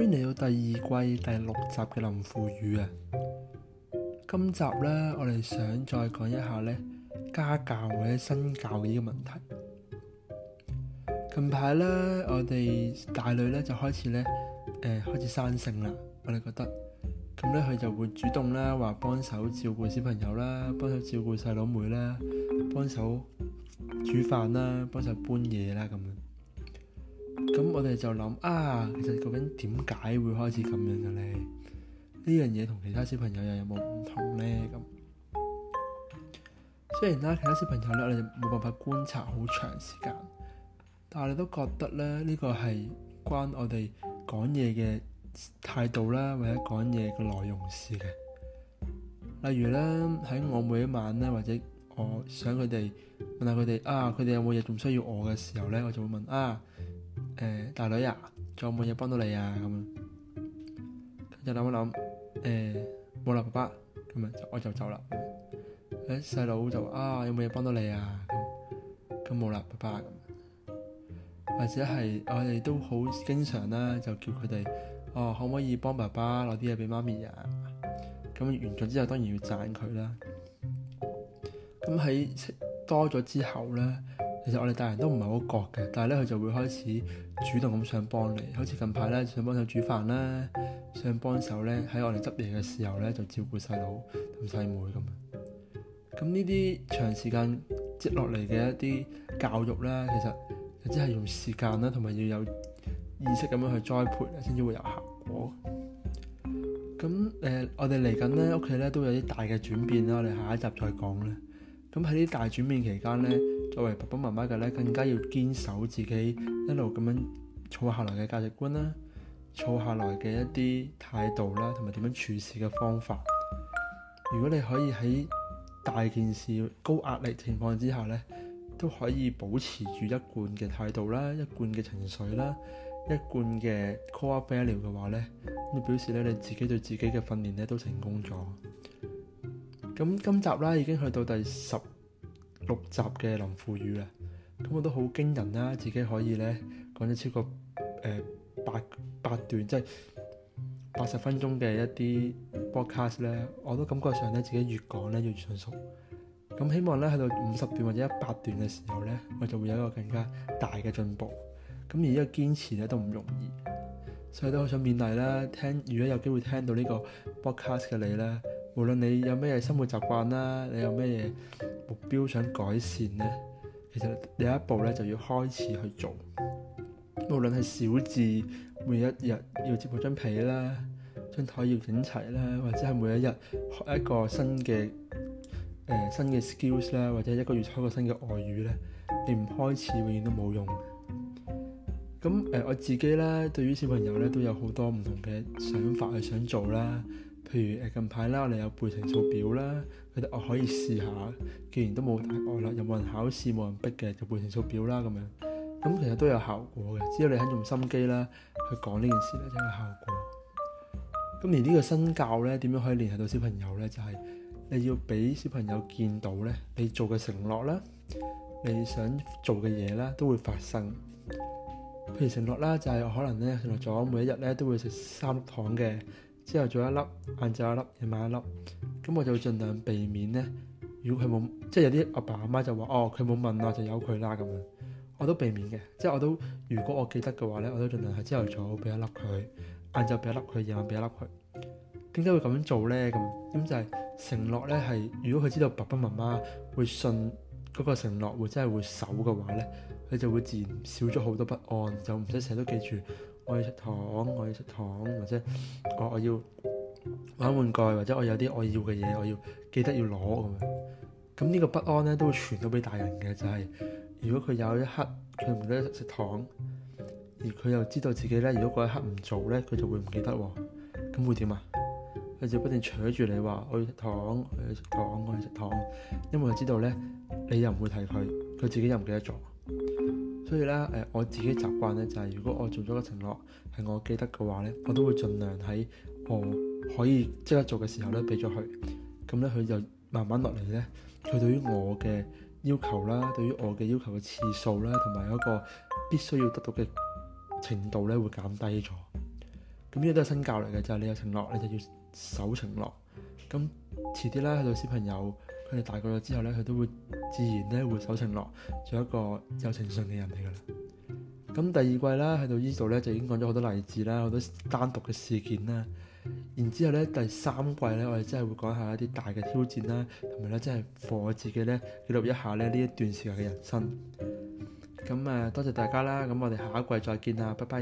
歡迎嚟到第二季第六集嘅林富宇啊！今集呢，我哋想再講一下呢家教或者身教嘅呢個問題。近排呢，我哋大女呢，就開始呢，誒、呃、開始生性啦。我哋覺得咁呢，佢、嗯、就會主動啦，話幫手照顧小朋友啦，幫手照顧細佬妹，妹啦，幫手煮飯啦，幫手搬嘢啦咁樣。我哋就諗啊，其實究竟點解會開始咁樣嘅咧？呢樣嘢同其他小朋友又有冇唔同咧？咁雖然啦，其他小朋友咧，我哋冇辦法觀察好長時間，但係你都覺得咧，呢個係關我哋講嘢嘅態度啦，或者講嘢嘅內容事嘅。例如咧，喺我每一晚咧，或者我想佢哋問下佢哋啊，佢哋有冇嘢仲需要我嘅時候咧，我就會問啊。誒、呃，大女啊，仲有冇嘢幫到你啊？咁樣就想想，就諗一諗，誒，冇啦，爸爸，咁啊，我就走啦。誒、欸，細佬就啊，有冇嘢幫到你啊？咁，冇啦，爸爸咁，或者係我哋都好經常啦，就叫佢哋哦，可唔可以幫爸爸攞啲嘢俾媽咪啊？咁完咗之後，當然要讚佢啦。咁喺多咗之後咧。其實我哋大人都唔係好覺嘅，但係咧佢就會開始主動咁想幫你，好似近排咧想幫手煮飯啦，想幫手咧喺我哋執嘢嘅時候咧就照顧細佬同細妹咁。咁呢啲長時間積落嚟嘅一啲教育啦，其實就只係用時間啦，同埋要有意識咁樣去栽培，先至會有效果。咁誒、呃，我哋嚟緊咧屋企咧都有啲大嘅轉變啦，我哋下一集再講啦。咁喺呢啲大轉變期間咧。作為爸爸媽媽嘅咧，更加要堅守自己一路咁樣坐下來嘅價值觀啦，坐下來嘅一啲態度啦，同埋點樣處事嘅方法。如果你可以喺大件事、高壓力情況之下咧，都可以保持住一貫嘅態度啦、一貫嘅情緒啦、一貫嘅 core value 嘅話咧，咁就表示咧你自己對自己嘅訓練咧都成功咗。咁今集啦，已經去到第十。六集嘅林富宇啊，咁我都好驚人啦。自己可以咧，講咗超過誒、呃、八八段，即係八十分鐘嘅一啲 broadcast 咧，我都感覺上咧自己越講咧越順熟。咁希望咧喺到五十段或者一百段嘅時候咧，我就會有一個更加大嘅進步。咁而呢個堅持咧都唔容易，所以都好想勉勵啦。聽，如果有機會聽到呢個 broadcast 嘅你咧，無論你有咩嘢生活習慣啦，你有咩嘢。目標想改善咧，其實第一步咧就要開始去做。無論係小至每一日要摺幾張被啦，張台要整齊啦，或者係每一日學一個新嘅誒、呃、新嘅 skills 啦，或者一個月開個新嘅外語咧，你唔開始永遠都冇用。咁誒、呃，我自己咧對於小朋友咧都有好多唔同嘅想法去想做啦。譬如誒近排啦，你有背乘數表啦，佢哋我可以試下。既然都冇大礙啦，又冇人考試，冇人逼嘅，就背乘數表啦咁樣。咁其實都有效果嘅，只要你肯用心機啦去講呢件事咧，真係有效果。咁而呢個身教咧，點樣可以聯繫到小朋友咧？就係你要俾小朋友見到咧，你做嘅承諾啦，你想做嘅嘢啦，都會發生。譬如承諾啦，就係可能咧承諾咗每一日咧都會食三粒糖嘅。朝頭早一粒，晏晝一粒，夜晚一粒，咁我就會盡量避免咧。如果佢冇，即係有啲阿爸阿媽就話哦，佢冇問啊，我就由佢啦咁樣，我都避免嘅。即係我都，如果我記得嘅話咧，我都盡量係朝頭早俾一粒佢，晏晝俾一粒佢，夜晚俾一粒佢。點解會咁樣做咧？咁咁就係承諾咧，係如果佢知道爸爸媽媽會信嗰個承諾，會真係會守嘅話咧，佢就會自然少咗好多不安，就唔使成日都記住，我要食糖，我要食糖，或者我我要玩玩具，或者我有啲我要嘅嘢，我要記得要攞咁樣。咁呢個不安咧都會傳到俾大人嘅，就係如果佢有一刻佢唔記得食糖，而佢又知道自己咧，如果嗰一刻唔做咧，佢就會唔記得喎。咁會點啊？佢就不停扯住你話我要食糖，我要食糖，我要食糖，因為佢知道咧，你又唔會提佢，佢自己又唔記得做。所以咧，誒我自己習慣咧，就係如果我做咗個承諾，係我記得嘅話咧，我都會盡量喺我可以即刻做嘅時候咧，俾咗佢。咁咧，佢就慢慢落嚟咧。佢對於我嘅要求啦，對於我嘅要求嘅次數啦，同埋嗰個必須要得到嘅程度咧，會減低咗。咁呢個都係身教嚟嘅，就係、是、你有承諾，你就要守承諾。咁、嗯、遲啲咧，去到小朋友。佢哋大個咗之後咧，佢都會自然咧，會守承諾，做一個有誠信嘅人嚟噶啦。咁第二季啦，去到呢度咧，就已經講咗好多例子啦，好多單獨嘅事件啦。然之後咧，第三季咧，我哋真係會講一下一啲大嘅挑戰啦，同埋咧，真係放我自己咧，記錄一下咧呢一段時間嘅人生。咁啊，多謝大家啦。咁我哋下一季再見啦，拜拜。